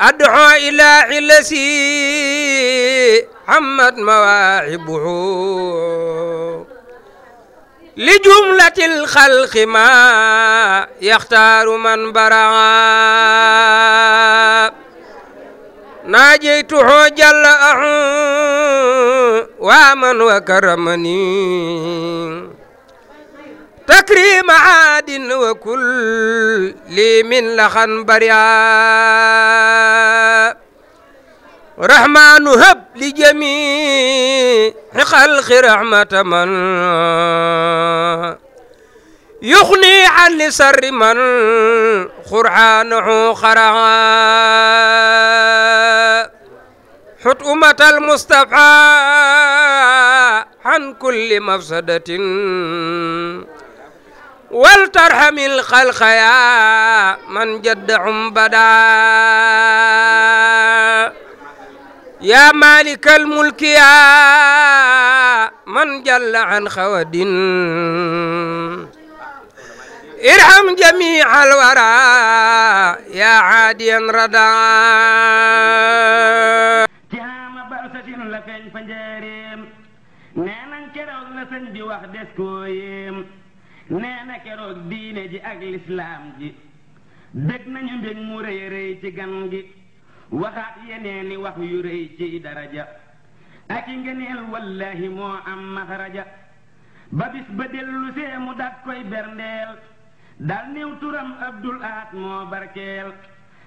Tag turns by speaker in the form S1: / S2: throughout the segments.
S1: أدعو إلى علتي عمت مواهبه لجملة الخلق ما يختار من برعا ناجيته جل ومن وكرمني تكريم عاد وكل لي من لخن بريا رحمن هب لجميع خلق رحمة من يغني عن لسر من قرآنه خرعا حط أمة المصطفى عن كل مفسدة ولترحم الخلق يا من جد عمبدا yaa maalikal mulki yaa man jalla an xawadin irham jamii al wara yaa aadiyan rada jaama balsatin
S2: la feeñ fa njëreem nee nañ keroog la sëñ bi wax des koo yéem nee na keroog diine ji ak lislaam ji dëgg nañu mbég mu rëy rëy ci gan gi waxaat yeneeni wax yu rëy ciy daraja ak i ngëneel moo am maxraja ba ba dellu see mu dat berndeel dal néew turam abdul ahat moo barkeel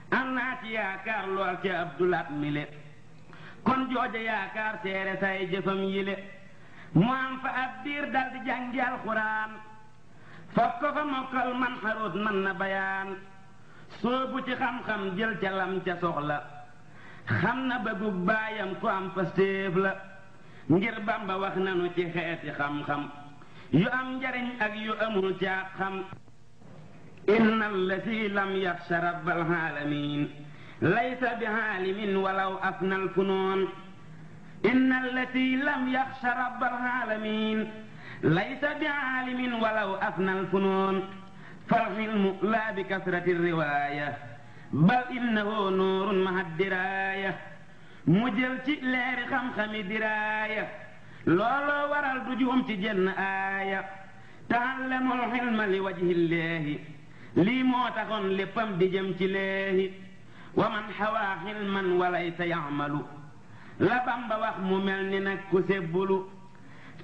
S2: am naa ci yaakaar lool ca abdul ahat mile kon jooja yaakaar seere say jëfam yile mu am fa ab dal di jàngi alxuraan faf ko fa mokkal man xaroot man na bayaan soobu ci xamxam xam jël lam ca soxla xam na bëggug baayam ku am pastéef la ngir bamba wax nanu ci xeeti xam-xam yu am njariñ ak yu amul caat xam inna allasi lam yaxsha rabbal alamin laysa bi aalimin walaw afna alfunoon inna allati فالعلم لا بكثرة الرواية بل إنه نور مع الدراية مجلت لير خمخم دراية لولا ورا الدجوم تجن آية تعلموا الحلم لوجه الله لي موتخن لفم دجم تليه ومن حوى حلما وليس يعمل لبم بوخ ممل نك سبلو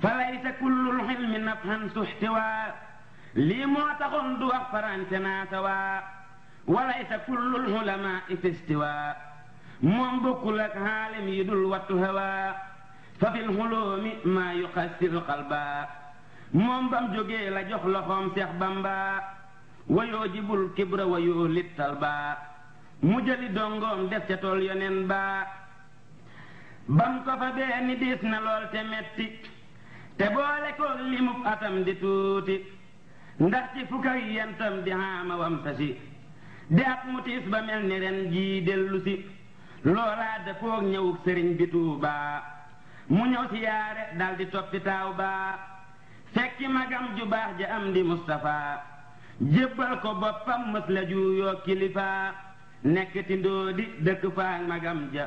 S2: فليس كل الحلم نفحا سحتوى lii moo taxoon du wax farante naa sawa walaysa kullul xulamaa fistiwa moom bokkul ak xaalim yi dul wattu hawa fa fil xuloomi maa yuqassir qalba moom bam jógee la jox loxoom seex bamba wayoo jibul kibra wayoo littal ba mu jëli dongoom def ca tool yonen ba bam ko fa bee ni diis na lool te metti te boole ko limub atam di tuuti ndaxte fukka yentam di xaama wam tasi mu tiis ba mel ni ren jii dellu si loolaa dafoog ñëwug sëriñ bi Tuubaa mu ñëw si yaare dal di toppi baa fekki magam ju baax ja am di mustafa jébbal ko boppam mës la juuyoo kilifaa nekk ti ndóodi dëkk faak magam ja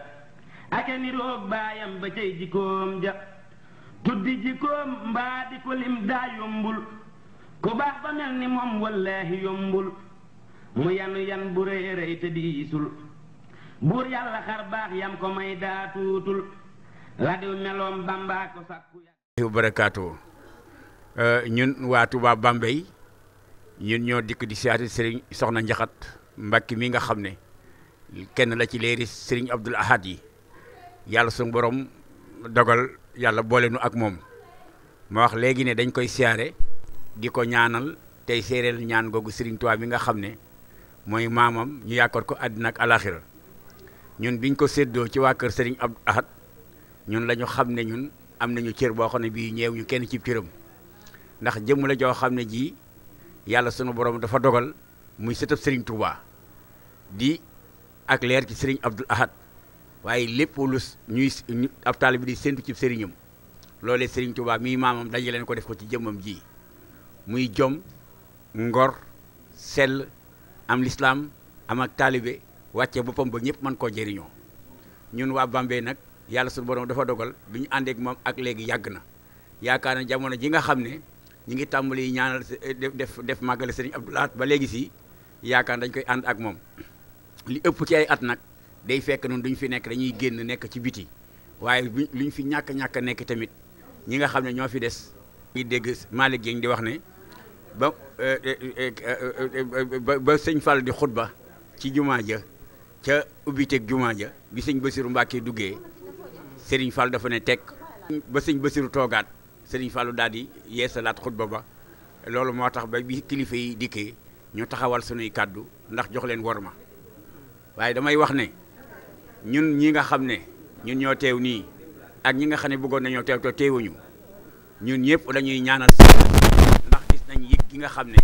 S2: ake niroog baayam ba cay jikkoom ja tuddi jikkoom mbaa di ko lim daa yombul ku baax ba mel ni moom wallaahi yombul mu yanu yan bu rëy rëy te diisul buur yàlla xar baax yam ko may daa radio meloom bambaa ko sàkku
S3: yàlla barakaatu euh, ñun waa Touba Bambey ñun ñoo dikk di siyaati sëriñ soxna njaxat mbakki mi nga xam ne kenn la ci léeri sëriñ Abdul Ahad yi yàlla suñu borom dogal yàlla boole ak moom ma wax léegi ne dañ koy siyaare di ko ñaanal tey séeréel ñaan googu Serigne Touba mi nga xam ne mooy maamam ñu yaakaar ko àddina ak alaxira ñun biñ ko séddoo ci waa kër sëriñ Abdou Ahad ñun la xam ne ñun am nañu cër boo xam ne bii ñeew ñu kenn ci cëram ndax jëmm la joo xam ne jii yàlla sunu borom dafa dogal muy sëtëb sëriñ Touba di ak leer ci Serigne Abdou Ahad waaye lépp lu ñuy ab taalibe bi di séntu ci sëriñam loolee Serigne Touba mii maamam daje leen ko def ko ci jëmmam jii muy jom ngor sell am lislaam am ak taalibe wàcce boppam ba ñëpp mën koo jëriñoo ñun waa Bambey nag yàlla suñu borom dafa dogal bi ñu àndeek moom ak léegi yàgg na yaakaar na jamono ji nga xam ne ñi ngi tàmbali ñaanal eh, def def màggale sëriñ Abdou ba léegi si yaakaar dañ koy ànd ak moom li ëpp ci ay at nag day fekk noonu duñ fi nekk dañuy génn nekk ci biti waaye lu ñu fi ñàkk ñàkk nekk tamit ñi nga xam ne ñoo fi des ngi dégg Malick Gueye di wax ne Eh, eh, eh, ba ba sëñ Fall di xutba ci jumaa ja ca ubbiteeg jumaa ja bi sëñ Basiru Mbàkke duggee sëriñ Fall dafa ne teg ba sëñ Basiru toogaat sëriñ Fallu daal yeesalaat xutba ba loolu moo tax ba bi kilifa yi dikkee ñu taxawal sunuy kàddu ndax jox leen war ma waaye damay wax ne ñun ñi nga xam ne ñun ñoo teew nii ak ñi nga xam ne bëggoon nañoo teew te teewuñu ñun ñëpp dañuy ñaanal nañ yëg gi nga xam ne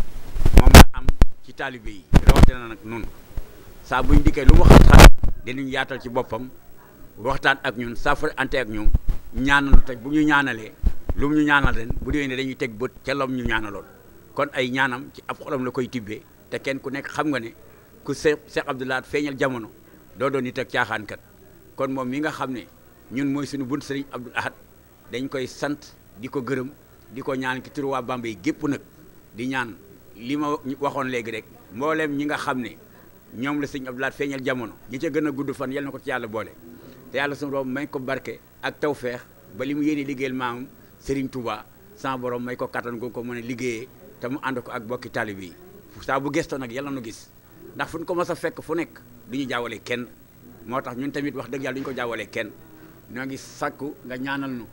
S3: moom la am ci taalibe yi na nag nun saa buñ dikkee lu mu xat-xat dinañ yaatal ci boppam waxtaan ak ñun saafara ante ak ñun ñaanal te bu ñu ñaanalee lu mu ñu ñaanal ren bu déwénee dañuy teg bët ca lam ñu ñaanaloon kon ay ñaanam ci ab xolom la koy tibbee te kenn ku nekk xam nga ne ku Seex Seex Abdou feeñal jamono doo doon nit ak caaxaankat kon moom mi nga xam ne ñun mooy suñu bunt Sëriñ Abdou Lahad dañ koy sant ko gërëm di ko ñaan ki di ñaan lii ma waxoon léegi rek mboolem ñi nga xam ne ñoom la sëñ Abdou Lahad feeñal jamono ñi ca gën a gudd fan yal na ko ci yàlla boole te yàlla suñu borom may ko barke ak tawfeex ba li mu yéene liggéeyal maam Serigne Touba sans may ko kattan gu ko mën a liggéeyee te mu ànd ko ak bokki taalibe yi saa bu gëstoo nag yàlla nu gis ndax fu ñu ko mës a fekk fu nekk du ñu jaawale kenn moo tax ñun tamit wax dëgg yàlla du ñu ko jaawale kenn ñoo ngi sakku nga ñaanal nu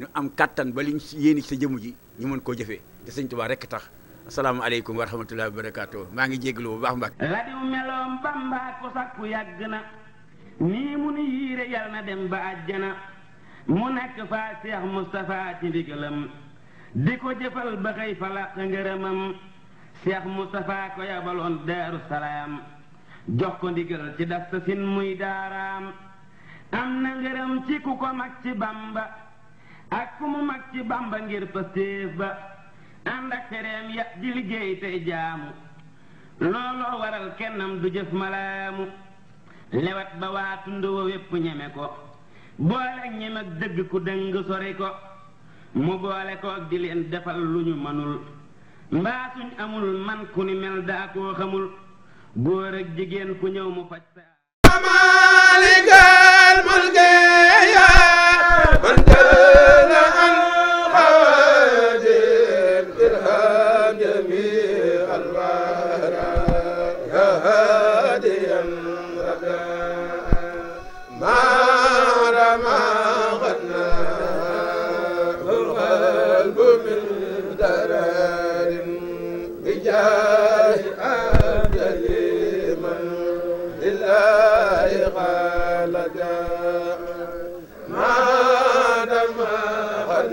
S3: ñu am kattan ba liñ yéene sa jëmu ji ñu mën koo jëfee te sëñ Touba tax. asalaamaaleykum wa rahmatullahi wa barakaatu maa ngi jéglu bu baax mbak ladiw
S2: meloom bamba ko sakku yàgg na nii mu nu yiire yal na dem ba àjjana mu nekk faa seex Moustapha ci ndigalam di ko jëfal ba xëy fa làq ngërëmam seex Moustapha ko yabaloon daaru jox ko ndigal ci dasta sin muy daaraam am na ngërëm ci ku ko mag ci bamba ak ku mu mag ci bamba ngir pastéef ba ànd ak ya di liggéey tey jaamu looloo waral kennam du jëf malaamu lewat ba waa tund wa wépp ñeme ko boole ñem ak dëgg ku dëng sori ko mu boole koog di leen defal lu ñu mënul mbaa suñ amul man ku ni mel daa koo xamul góor ak jigéen ku ñëw mu faj sa
S1: maalikal mulke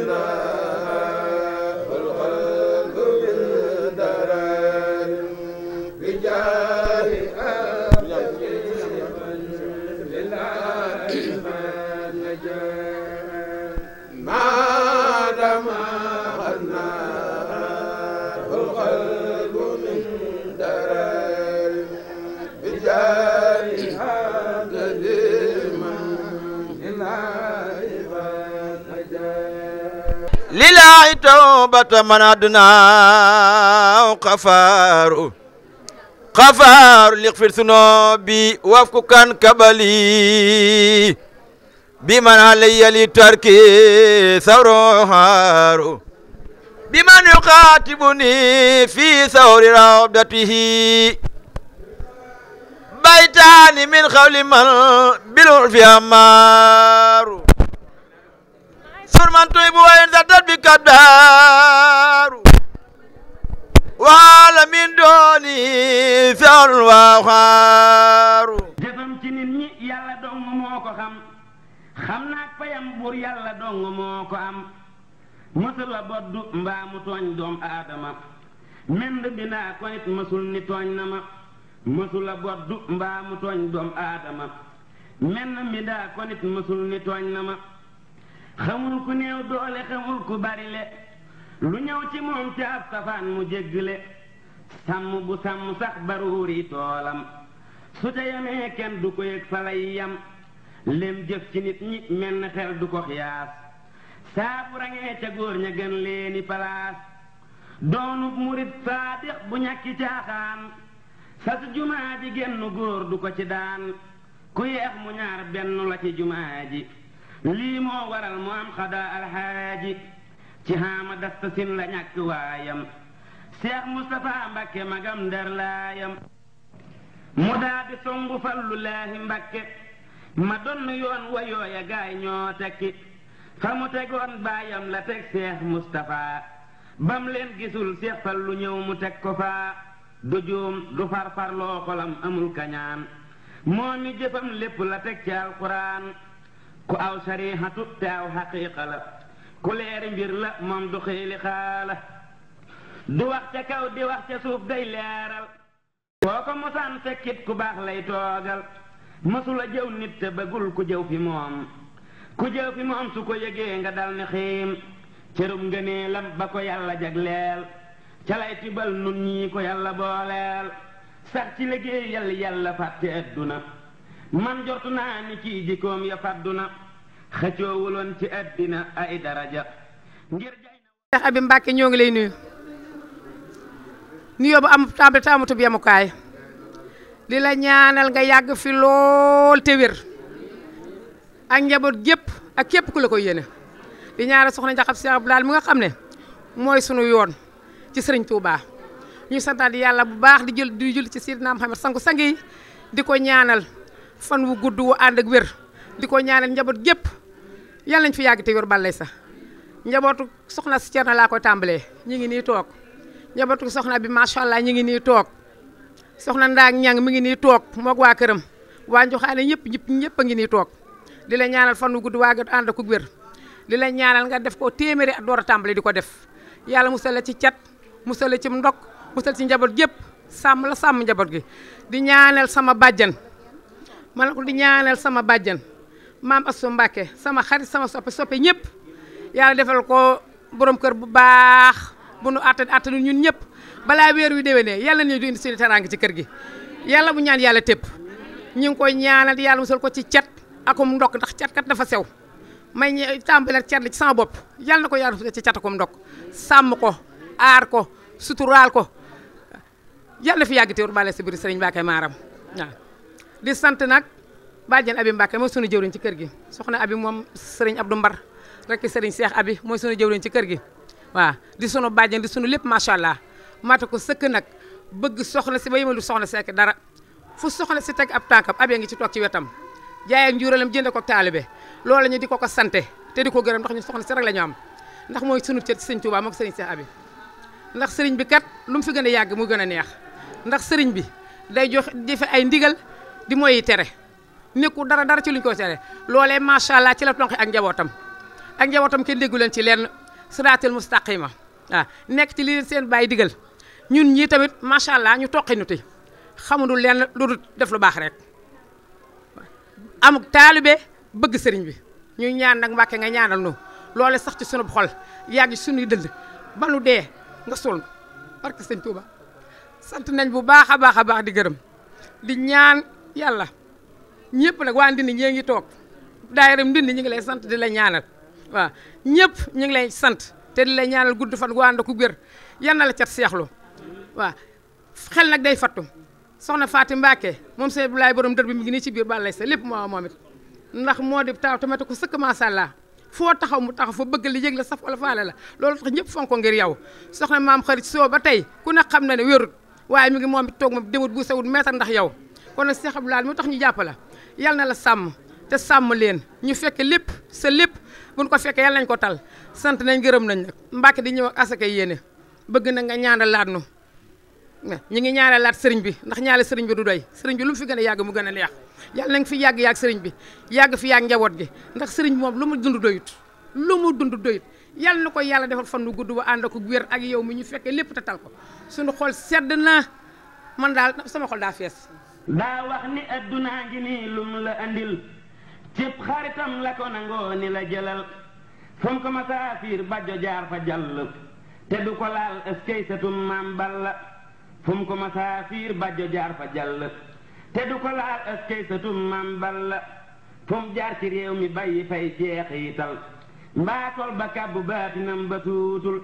S1: la
S2: لله توبة من أدنى قفار قفار ليغفر ذنوبي وفك كان كبلي بمن علي لتركي ثورهار بمن يخاطبني في ثور روضته بيتان من خول من بالعرف أمار سرمنت بوين ذات القدار وعلى من دوني فعل وخار jëfam ci nit ñi yàlla dong moo ko xam xam naag buur yàlla dong moo am mësul boddu mbaa tooñ doom aadama mend bi naa mësul ni tooñ na ma mësul boddu mbaa tooñ doom aadama menn mi daa mësul ni tooñ na ma xamul ku néew doole xamul ku bari le lu ñaw ci moom ci ab safaan mu jéggle sàmm bu sàmm sax baruuri toolam su ca yamee kenn du ko yëg fa lay yam lem jëf ci nit ñi menn xel du ko xiyaas saa bu rangee ca góor ña gën leeni palaas doonub murit saadix bu ñàkki caaxaan sa su jumaa genn góor du ko ci daan ku yeex mu ñaar benn la ci jumaa lii moo waral mu am xadaa alxaaji ci xaama dasta la ñàkk waayam seex mustapha mbakke magam ndar laayam mu daa di songu fallu laahi mbakke ma donn yoon wa yooya gaay ñoo tekki fa mu tegoon baayam la teg seex mustapha bam leen gisul seex fallu ñëw mu teg ko faa du juum du farfarloo xolam amul kañaan moo mi jëfam lépp la teg ci alxuraan ku aw sarihatu te aw xaqiiqa la ku leeri mbir moom du xiili xaala du wax ca kaw di wax ca suuf day leeral koo ko mosaan fekkit ku baax lay toogal mësula jëw nit te bëggul ku jëw fi moom ku jëw fi moom su ko yëgee nga dal ni xiim cërum ngëneelam ba ko yàlla jagleel ca lay tibal nun ñii ko yàlla booleel sax ci liggéey yàlla yàlla fàtte adduna man jortu naa ni kii jikkoom ya fàddu na xëccoowuloon ci àddina ay daraja ngir
S4: jaay na Mbàkke ñoo ngi lay nuyu nuyoo bu am tàmbali taamutub yemukaay li la ñaanal nga yàgg fi lool te wér ak njaboot gépp ak képp ku la ko yéene di ñaanal soxna Njaxab Cheikh Abdoulaye mu nga xam ne mooy sunu yoon ci sëriñ Touba ñu santaat yàlla bu baax di jël di jul ci Seydina Muhammad sangu sang di ko ñaanal fan wu gudd wu ànd ak wér di ko ñaanal njaboot gépp yal nañ fi yàgg te wér ballay sax njabootu soxna si Cerno laa ko tàmbalee ñu ngi nii toog njabootu soxna bi macha allah ñu ngi nii toog soxna Ndaa ñang mi ngi nii toog moog waa këram waa Njoxaane ñëpp ñëpp ñëpp ngi nii toog di la ñaanal fan wu gudd waa gët ànd ak wér di la ñaanal nga def koo téeméeri at door a tàmbale di ko def yàlla musal la ci cat musal la ci ndog musal ci njaboot gépp sàmm la sàmm njaboot gi di ñaanal sama bàjjan ma ne ko di ñaanal sama bàjjan maam Astou Mbacké sama xarit sama soppe soppe ñëpp yàlla defal ko boroom kër bu baax bu nu attan attanu ñun ñëpp balaa weer wi déwénee yàlla ñu du indi seen teraanga ci kër gi yàlla bu ñaan yàlla tépp ñu ngi koy ñaanal yàlla musal ko ci cat akum ndokk ndax cat kat dafa sew may ñe tàmbaleel cat li sama bopp yàlla na ko yàlla musal ci cat akum ndokk sàmm ko aar ko suturaal ko yàlla fi yàgg teewul bàle si biir sëriñ Mbacké di sant nag bàjjen abi Mbacke mooy sunu jëwriñ ci kër gi soxna abi moom sëriñ Abdou Mbar rek sëriñ Cheikh abi mooy sunu jëwriñ ci kër gi waaw di sunu bàjjen di sunu lépp macha allah mata ko sëkk nag bëgg soxna si ba yemalu soxna sekk dara fu soxna si teg ab tànkam abee ngi ci toog ci wetam jaayee njuuralam jënde ko taalibe loolu ñu di ko ko sante te di ko gërëm ndax ñu soxna si rek am ndax mooy sunu cër ci sëriñ Touba moom sëriñ Cheikh abi ndax sëriñ bi kat lu mu fi gën a yàgg mu gën a neex ndax sëriñ bi day jox defe ay ndigal di mooy tere nekku dara dara ci luñ koy tere loolee macha allah ci la tonqi ak njabootam ak njabootam kenn déggu leen ci lenn siraatal mustaqima waaw nekk ci li leen seen bàyyi digal ñun ñii tamit macha allah ñu toqi nu ti xamuñu leen lu dul def lu baax rek amuk taalibe bëgg sëriñ bi ñuy ñaan nag mbàkke nga ñaanal nu loole sax ci sunu xol yàgg sunuy dënd ba nu dee nga sul parce que sëñ Touba sant nañ bu baax a baax a baax di gërëm di ñaan yàlla ñëpp nag waa Ndindi ñee ngi toog daayira Ndindi ñu ngi lay sant di la ñaanal waaw ñëpp ñu ngi lay sant te di la ñaanal gudd fan gu ànd ku gër yan na la cat seexlu waaw xel nag day fattu soxna Faati Mbacke moom sëñ Abdoulaye borom dër bi mu ngi nii ci biir bàllay sa lépp moo moom it ndax moo di taw tamit ko sëkk macha allah foo taxaw mu taxaw fa bëgg li yëg la saf wala faale la loolu tax ñëpp fonko ngir yow soxna maam xarit soo ba tey ku ne xam na ne wérut waaye mi ngi moom it toog moom demut bu sewut meetar ndax yow kon nag Cheikh Abdou Lahad moo tax ñu jàpp la yàlla na la sàmm te sàmm leen ñu fekkee lépp sa lépp buñ ko fekkee yàlla nañ ko tal sant nañ gërëm nañ nag Mbàkke di ñëw ak asaka yéene bëgg na nga ñaanalaat nu ñu ngi laat sëriñ bi ndax ñaale sëriñ bi du doy sëriñ bi lu mu fi gën a yàgg mu gën a neex yàlla nañ fi yàgg yàgg sëriñ bi yàgg fi yàgg njawoot gi ndax sëriñ bi moom lu mu dund doyut lu mu dund doyut yàlla na ko yàlla defal fan wu gudd ba ànd ak wér ak yow mi ñu fekkee lépp te tal ko suñu xool sedd na man daal sama xol daa daa wax ni
S2: addunaa ngi nii lum la andil cib xaritam la ko nangoo la jëlal fu ko masaafiir bajjo jaar fa jàll te du ko laal ëskey satum maam balla fu jaar te du ko laal ëskey satum ci réew mi bàyyi fay jeexiital mbaatol ba kàbbu baatinam ba tuutul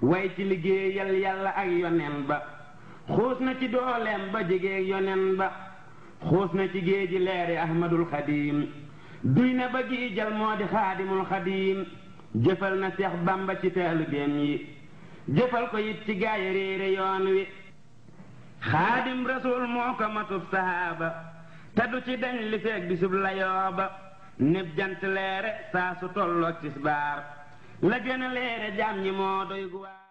S2: way ci liggéeyal yàlla ak yonen ba xuus na ci dooleem ba jege yonen ba xuus na ci géeji leeri ahmadul xadiim duy na ba gi jal moo di xaadimul xadiim jëfal na seex bamba ci taalibeem yi jëfal ko it ci gaaya réere yoon wi xaadim rasuul moo ko sahaaba te du ci dañ li feeg bisub layooba neb jant leere saa su tolloog tisbaar la gën leere jaam ñi moo doy guwaar